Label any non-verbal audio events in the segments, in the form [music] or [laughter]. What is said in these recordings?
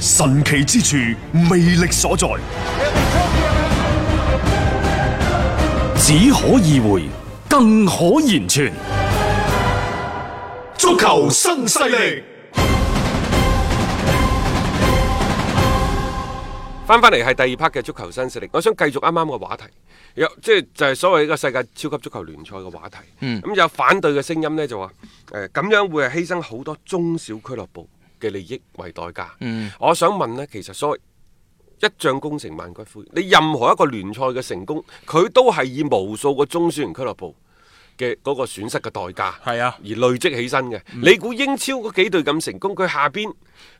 神奇之處，魅力所在，只可意會，更可言傳。足球新勢力，翻翻嚟係第二 part 嘅足球新勢力。我想繼續啱啱嘅話題，有即係就係、是、所謂一個世界超級足球聯賽嘅話題。咁、嗯、有反對嘅聲音呢，就話誒，咁樣會係犧牲好多中小俱樂部嘅利益為代價，嗯、我想問呢，其實所謂一仗功成萬骨灰」，你任何一個聯賽嘅成功，佢都係以無數個中小型俱樂部嘅嗰個損失嘅代價係啊，而累積起身嘅。嗯、你估英超嗰幾隊咁成功，佢下邊？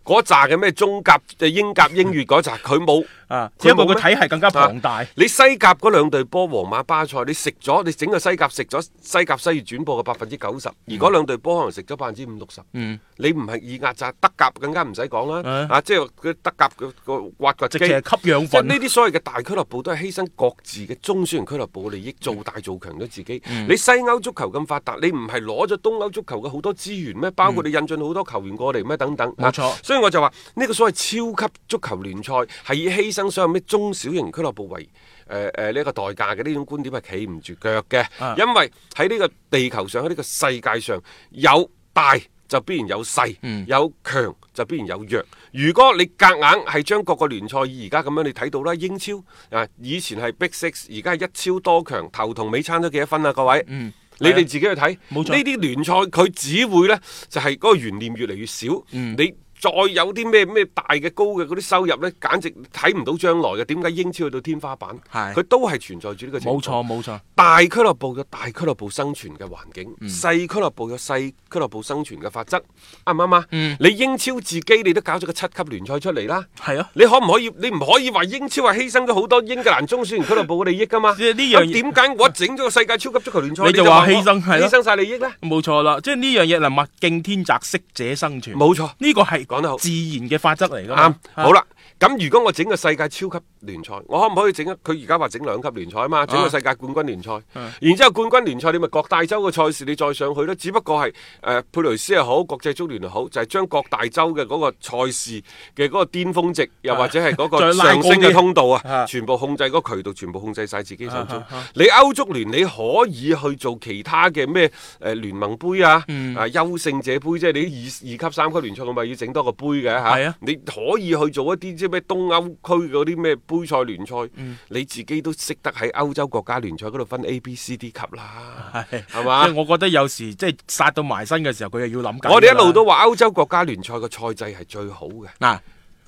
嗰扎嘅咩中甲、就英甲英乙、英乙嗰扎，佢冇啊，因為個體係更加龐大、啊。你西甲嗰兩隊波，皇馬、巴塞，你食咗，你整個西甲食咗西甲西乙轉播嘅百分之九十，嗯、而嗰兩隊波可能食咗百分之五六十。嗯、你唔係以壓榨德甲更加唔使講啦，嗯、啊，即、就、係、是、德甲個個挖掘機，直情係吸氧。即呢啲所謂嘅大俱樂部都係犧牲各自嘅中小型俱樂部嘅利益，做大做強咗自己。嗯、你西歐足球咁發達，你唔係攞咗東歐足球嘅好多資源咩？包括你引進好多球員過嚟咩？等等。冇錯。所以我就話呢、這個所謂超級足球聯賽係以犧牲所有咩中小型俱樂部為誒誒呢個代價嘅呢種觀點係企唔住腳嘅，啊、因為喺呢個地球上喺呢個世界上有大就必然有細，嗯、有強就必然有弱。如果你夾硬係將各個聯賽以而家咁樣你睇到啦，英超啊以前係 Big Six，而家係一超多強，頭同尾差咗幾多分啊，各位，嗯、你哋自己去睇，呢啲聯賽佢只會呢，就係、是、嗰個懸念越嚟越少，你、嗯。嗯嗯再有啲咩咩大嘅高嘅嗰啲收入呢，簡直睇唔到將來嘅。點解英超去到天花板，佢都係存在住呢個情況。冇錯，冇錯。大俱樂部有大俱樂部生存嘅環境，細俱樂部有細俱樂部生存嘅法則。啱唔啱啊？你英超自己你都搞咗個七級聯賽出嚟啦。係啊。你可唔可以？你唔可以話英超係犧牲咗好多英格蘭中小俱樂部嘅利益㗎嘛？呢樣嘢。咁點解我整咗個世界超級足球聯賽？你就話犧牲係犧牲曬利益呢？冇錯啦，即係呢樣嘢能物競天擇，適者生存。冇錯，呢個係。講得好，自然嘅法則嚟噶，啱對，是好啦。咁如果我整個世界超級聯賽，我可唔可以整一？佢而家話整兩級聯賽啊嘛，整個世界冠軍聯賽，啊、然之後冠軍聯賽你咪各大洲嘅賽事你再上去咧，只不過係誒、呃、佩雷斯又好，國際足聯又好，就係、是、將各大洲嘅個賽事嘅個巔峰值，啊、又或者係個上升嘅通道啊，全部控制個渠道，全部控制晒自己手中。啊、你歐足聯你可以去做其他嘅咩誒聯盟杯啊，嗯、啊優勝者杯即係你二二級三級聯賽我咪要整多個杯嘅、啊、吓，啊啊、你可以去做一啲咩東歐區嗰啲咩杯賽聯賽，嗯、你自己都識得喺歐洲國家聯賽嗰度分 A、B、C、D 級啦，係係嘛？我覺得有時即係殺到埋身嘅時候，佢又要諗緊。我哋一路都話歐洲國家聯賽嘅賽制係最好嘅，嗱，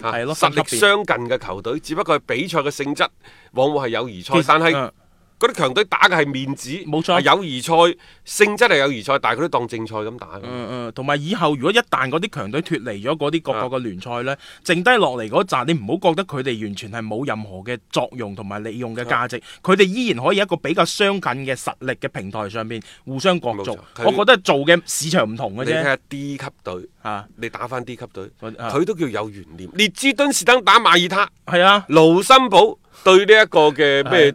係咯，實力相近嘅球隊，只不過係比賽嘅性質往往係友誼賽，但係。嗰啲強隊打嘅係面子，冇錯，友誼賽性質係友誼賽，但係佢都當正賽咁打嘅。嗯嗯，同埋以後如果一旦嗰啲強隊脫離咗嗰啲各個嘅聯賽呢的剩低落嚟嗰陣，你唔好覺得佢哋完全係冇任何嘅作用同埋利用嘅價值，佢哋的依然可以一個比較相近嘅實力嘅平台上面互相角逐。我覺得做嘅市場唔同嘅啫。你睇下 D 級隊。吓，你打返 D 級隊，佢都叫有懸念。列支敦士登打馬耳他，係啊，盧森堡對呢一個嘅咩，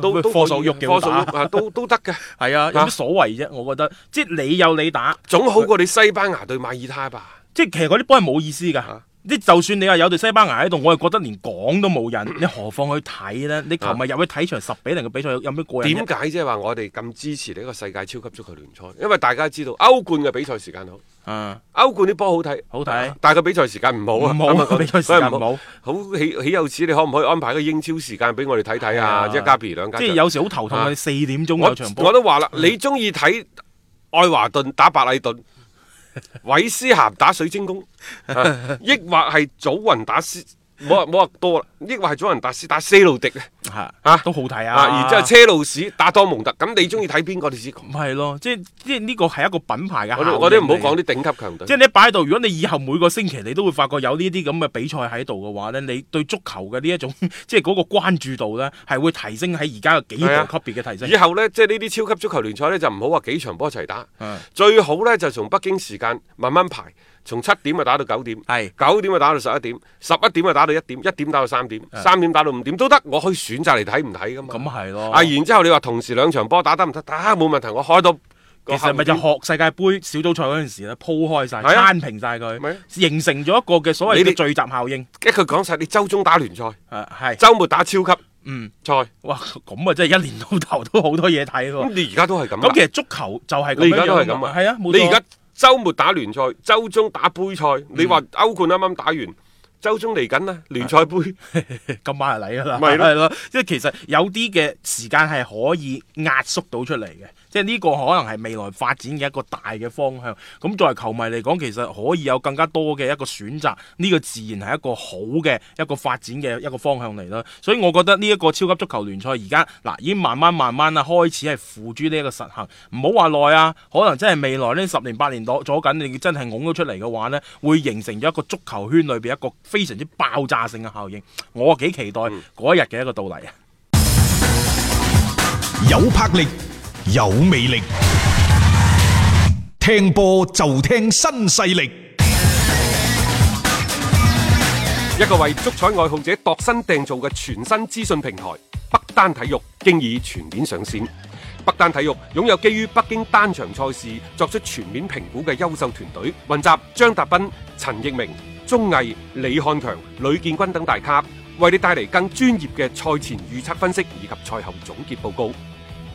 都都科索沃嘅打，都都得嘅，係啊，有乜所謂啫？我覺得，即係你有你打，總好過你西班牙對馬耳他吧？即係其實嗰啲波係冇意思噶。即就算你話有對西班牙喺度，我係覺得連講都冇癮，你何況去睇呢？你琴日入去睇場十比零嘅比賽，有咩過癮？點解即係話我哋咁支持呢個世界超級足球聯賽？因為大家知道歐冠嘅比賽時間好，嗯，歐冠啲波好睇，好睇看，但係個比賽時間唔好啊，唔好，比賽時間唔好，豈有此理，你可唔可以安排個英超時間俾我哋睇睇啊？一、啊、加 B 兩加，即係有時好頭痛，係四、啊、點鐘有場波，我都話啦，嗯、你中意睇愛華頓打白禮頓？韋斯咸打水晶宮，抑或係祖雲打斯？冇話冇話多啦，抑或係祖雲達斯打西路迪咧？係嚇、啊啊、都好睇啊，啊！然之後車路士打多蒙特，咁、嗯啊、你中意睇邊個歷史？唔係咯，即係即係呢、這個係一個品牌嘅，我哋唔好講啲頂級強隊。即係你擺喺度，如果你以後每個星期你都會發覺有呢啲咁嘅比賽喺度嘅話咧，你對足球嘅呢一種即係嗰、那個關注度咧，係會提升喺而家嘅幾個級別嘅提升。以後咧，即係呢啲超級足球聯賽咧，就唔好話幾場波一齊打。嗯、最好咧就從北京時間慢慢排。從七點啊打到九點，係九點啊打到十一點，十一點啊打到一點，一點打到三點，三點打到五點都得，我可以選擇嚟睇唔睇噶嘛。咁係咯，啊，然之後你話同時兩場波打得唔得，打？冇問題，我開到其實咪就學世界杯小組賽嗰陣時咧，鋪開晒，攤平晒佢，形成咗一個嘅所謂你哋聚集效應。跟佢講晒，你周中打聯賽，啊係，周末打超級嗯賽，哇，咁啊真係一年到頭都好多嘢睇咯。咁你而家都係咁，咁其實足球就係你而家都係咁啊，係啊，冇錯。周末打聯賽，周中打杯賽。嗯、你話歐冠啱啱打完，周中嚟緊啦，聯賽杯咁 [laughs] 晚就嚟啦。咪係咯，即係 [laughs] 其實有啲嘅時間係可以壓縮到出嚟嘅。即係呢個可能係未來發展嘅一個大嘅方向，咁作為球迷嚟講，其實可以有更加多嘅一個選擇，呢、這個自然係一個好嘅一個發展嘅一個方向嚟咯。所以我覺得呢一個超級足球聯賽而家嗱，已經慢慢慢慢啊開始係付諸呢一個實行，唔好話耐啊，可能真係未來呢十年八年多，咗緊，你真係拱咗出嚟嘅話呢會形成咗一個足球圈裏邊一個非常之爆炸性嘅效應。我幾期待嗰日嘅一個到嚟啊！嗯、 [music] 有魄力。有魅力，聽波就聽新勢力。一個為足彩愛好者度身訂造嘅全新資訊平台北單體育，經已全面上線。北單體育擁有基於北京單場賽事作出全面評估嘅優秀團隊，雲集張達斌、陳奕明、鐘毅、李漢強、呂建軍等大咖，為你帶嚟更專業嘅賽前預測分析以及賽後總結報告。